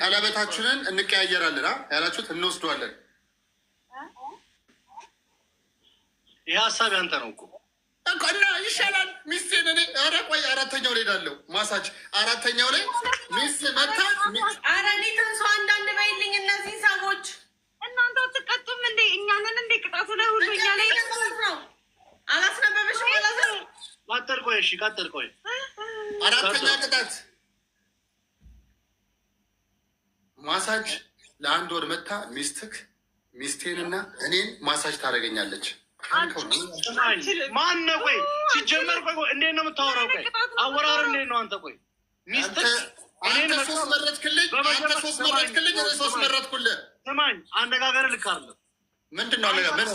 ቀለበታችንን እንቀያየራለን ያላችሁት እንወስደዋለን። ይህ ሀሳብ ያንተ ነው እኮ እና ይሻላል። ሚስቴን እኔ ኧረ ቆይ አራተኛው ላይ ዳለው ማሳጅ አራተኛው ላይ ሚስት መታ ቆይ እሺ፣ ቀጥል። ቆይ አራተኛ ቅጣት ማሳጅ ለአንድ ወር መታ ሚስትክ ሚስቴንና እኔን ማሳጅ ታደርገኛለች። ማነው? ቆይ ሲጀመር ቆይ እንዴት ነው የምታወራው? ቆይ አወራር እንዴት ነው አንተ? ቆይ ሚስትክ አንተ ሶስት መረጥክልኝ፣ አንተ ሶስት መረጥክልኝ፣ እኔ ሶስት መረጥኩልህ። ስማኝ፣ አነጋገር ልክ አይደለም። ምንድን ነው ምን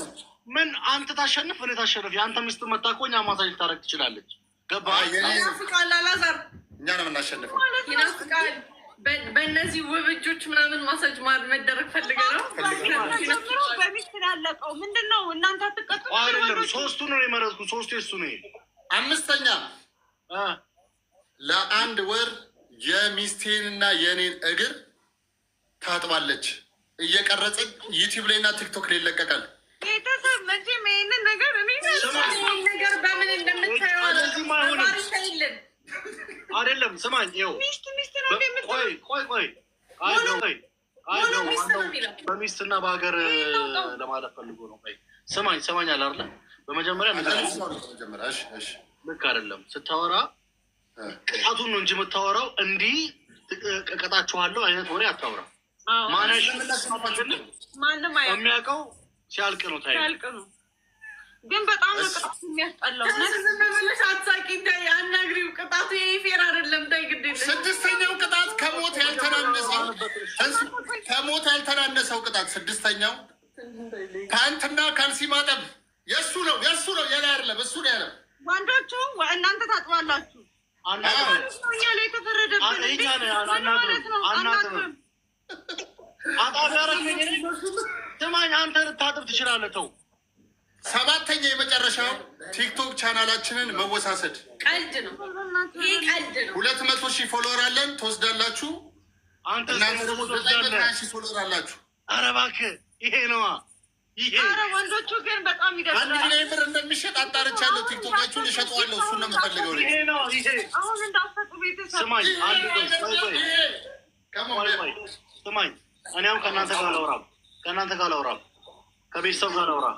ምን አንተ ታሸንፍ እኔ ታሸንፍ። የአንተ ሚስት መታ እኮ እኛ ማሳጅ ታደርግ ትችላለች። ገባፍቃል አላዛር እኛ ነው የምናሸንፈው። ይናፍቃል በእነዚህ ውብ እጆች ምናምን ማሳጅ መደረግ ፈልገ ነው በሚስት ያለቀው ምንድን ነው? እናንተ አትቀጡ። አይደለም ሶስቱ ነው የመረጥኩ ሶስቱ የሱ ነው። አምስተኛ ለአንድ ወር የሚስቴንና የኔን እግር ታጥባለች እየቀረጸች ዩቲዩብ ላይና ቲክቶክ ላይ ይለቀቃል። አይደለም። ስማኝ ይኸው ሚስት ሚስት ነው ቆይ ቆይ ቆይ በሚስት እና በሀገር ለማለት ፈልጎ ነው። ቆይ ስማኝ ስማኝ አለ አይደለ? በመጀመሪያ ልክ አይደለም ስታወራ ቅጣቱን ነው እንጂ የምታወራው እንዲህ ቀቀጣችኋለሁ አይነት ወሬ አታውራ። ማንም የሚያውቀው ሲያልቅ ነው ታይ ግን በጣም አሳቂ የሚያስጠላው አናግሪው። ቅጣቱ የፌር አይደለም። ታይ ግድ ስድስተኛው ቅጣት ከሞት ያልተናነሰው ከሞት ያልተናነሰው ቅጣት ስድስተኛው ከአንትና ካልሲ ማጠብ የእሱ ነው የእሱ ነው የላ አይደለም እሱ ነው ያለው። ወንዶቹ እናንተ ታጥባላችሁ እኛ ላይ የተፈረደብን ማለት ነው አናጥብም። ስማኝ አንተ ልታጥብ ትችላለህ። ተው ሰባተኛ የመጨረሻው ቲክቶክ ቻናላችንን መወሳሰድ ቀልድ ነው። ይህ ቀልድ ነው። ሁለት መቶ ሺህ ፎሎወር አለን ትወስዳላችሁ። እናንተ ደግሞ ዘጠኝ መቶ ሺህ ፎሎወር አላችሁ። ኧረ እባክህ ይሄ ነዋ። ኧረ ወንዶቹ ግን በጣም ይደርሳል። አንድ ሚሊዮን ብር እንደሚሸጥ አጣርቻለሁ። ቲክቶካችሁን እሸጠዋለሁ። እሱን ነው የምፈልገው። አሁን እንዳፈጡ ቤተሰብ ስማኝ፣ ስማኝ። እኔ አሁን ከእናንተ ጋር አላወራም፣ ከእናንተ ጋር አላወራም፣ ከቤተሰብ ጋር አላወራም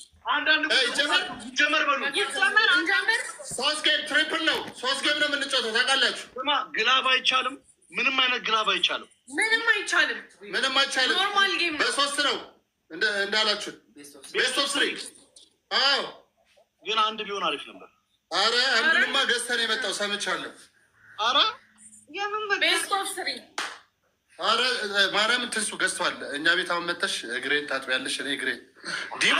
ሶስት ጌም ትሪፕል ነው። ሶስት ጌም ነው የምንጫወተው ታውቃላችሁ። ግላብ አይቻልም። ምንም አይነት ግላብ አይቻልም። ምንም አይቻልም። ምንም ኖርማል ጌም ነው። በሶስት ነው እንዳላችሁ ቤስት ኦፍ ስሪ። አዎ፣ ግን አንድ ቢሆን አሪፍ ነበር። አረ አንድማ ገዝተን የመጣው ሰምቻለሁ። አረ ቤስት ኦፍ ስሪ አረ ማርያም ትንሱ ገዝቷል። እኛ ቤት አሁን መተሽ እግሬን ታጥቢያለሽ። እኔ እግሬን ዲቦ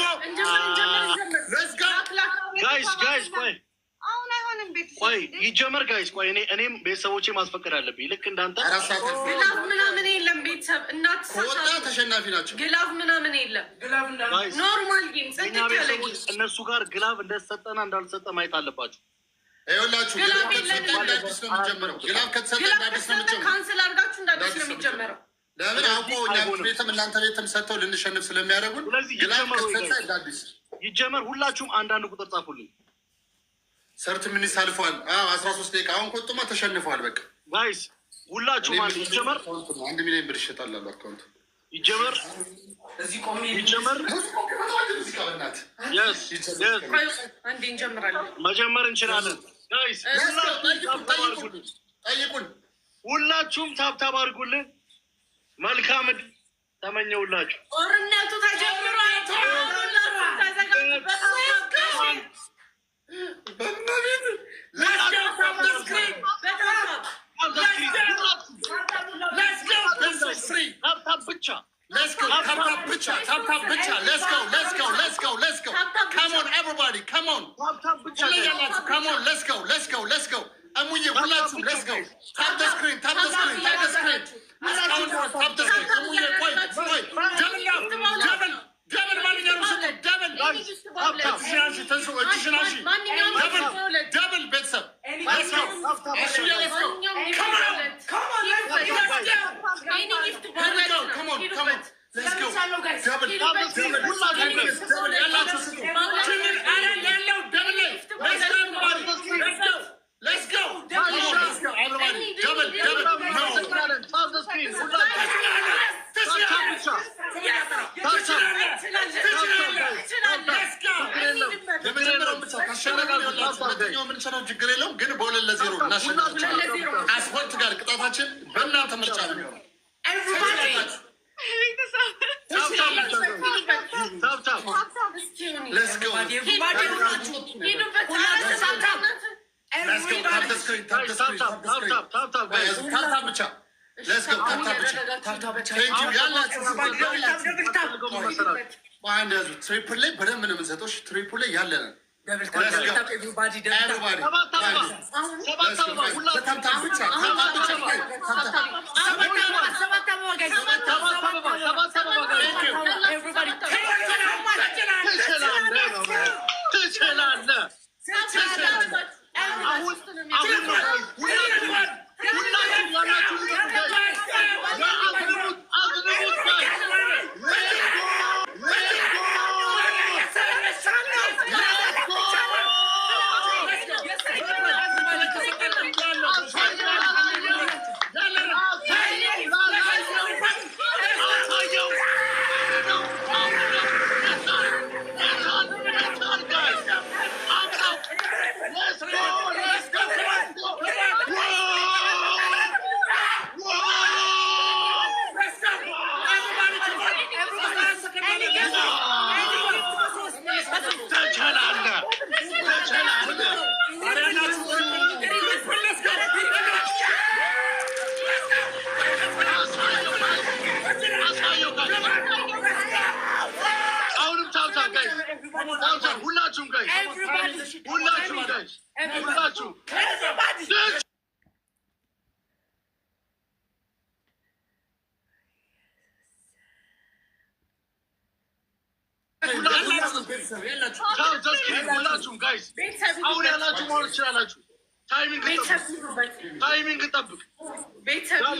ይጀመር ጋይስ፣ ቆይ እኔም ቤተሰቦቼ ማስፈቀድ አለብኝ። ልክ እንዳንተ ምናምን የለም። ቤተሰብ እናት ተሸናፊ ናቸው። ግላፍ ምናምን የለም። ኖርማል ጌም እነሱ ጋር ግላብ እንደተሰጠና እንዳልተሰጠ ማየት አለባቸው ይኸውላችሁ ግላፍ ከተሰጠ ካንስል አድርጋችሁ እንዳዲስ ነው የሚጀመረው። ለምን አውቆ ቤትም እናንተ ቤትም ሰጥተው ልንሸንፍ ስለሚያደርጉን ይጀመር። ሁላችሁም አንዳንድ ቁጥር ጻፉልኝ። ሰርት ሚኒስ አልፏል። አስራ ሶስት ደቂቃ አሁን ቆጥማ ተሸንፏል። በቃ ጋይስ ሁላችሁም አንድ ይጀመር። አንድ ሚሊዮን ብር ይሸጣል አሉ አካውንቱ ይጀመር ይጀመር። መጀመር እንችላለን። ሁላችሁም ታብታብ አድርጉልን። መልካም ተመኘውላችሁ። ጦርነቱ ተጀምሯል። ብቻ እሙዬ ሁላችሁም ለስገው ታፕ ዘ ታፕ ዘ ስክሪን ታፕ ዘ ስክሪን ታፕ ዘ ስክሪን። ደብል ቤተሰብ ነው፣ ችግር የለውም። ግን በሁለት ለዜሮ አስፖርት ጋር ቅጣታችን በእናንተ ምርጫ ነው ትሪፕል ላይ በደንብ ነው የምንሰጠው። ትሪፕል ላይ ያለንን ሁላችሁ at you. Hit somebody. Bitch. Yell at you guys. I will yell How we I will yell at you. ታይሚንግ ጠብቅ። ቤተሰብ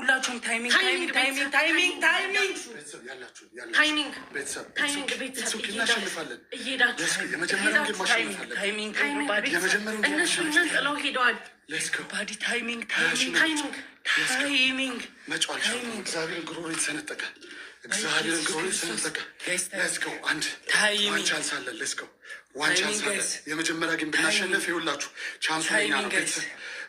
ሁላችሁም ታይሚንግ ታይሚንግ ታይሚንግ ታይሚንግ ታይሚንግ ታይሚንግ ታይሚንግ ታይሚንግ ታይሚንግ ታይሚንግ ታይሚንግ ታይሚንግ እግዚአብሔርን ግሮሮ የተሰነጠቀ ዋን ቻንስ አለን። የመጀመሪያ ጌም ብናሸንፍ ይኸውላችሁ ቻንሱ ነው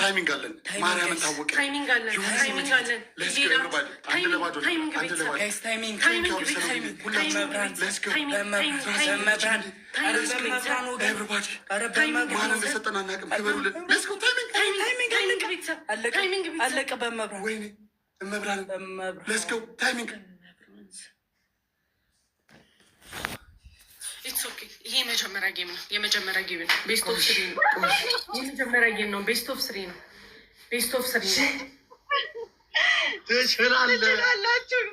ታይሚንግ አለን። ማርያምን ታወቀ ታይሚንግ አለን። ታይሚንግ ይሄ መጀመሪያ ጌም ነው። የመጀመሪያ ጌም ነው። ቤስት ኦፍ ስሪ ነው። የመጀመሪያ ጌም ነው። ቤስት ኦፍ ስሪ ነው። ቤስት ኦፍ ስሪ ነው። ትችላላችሁ።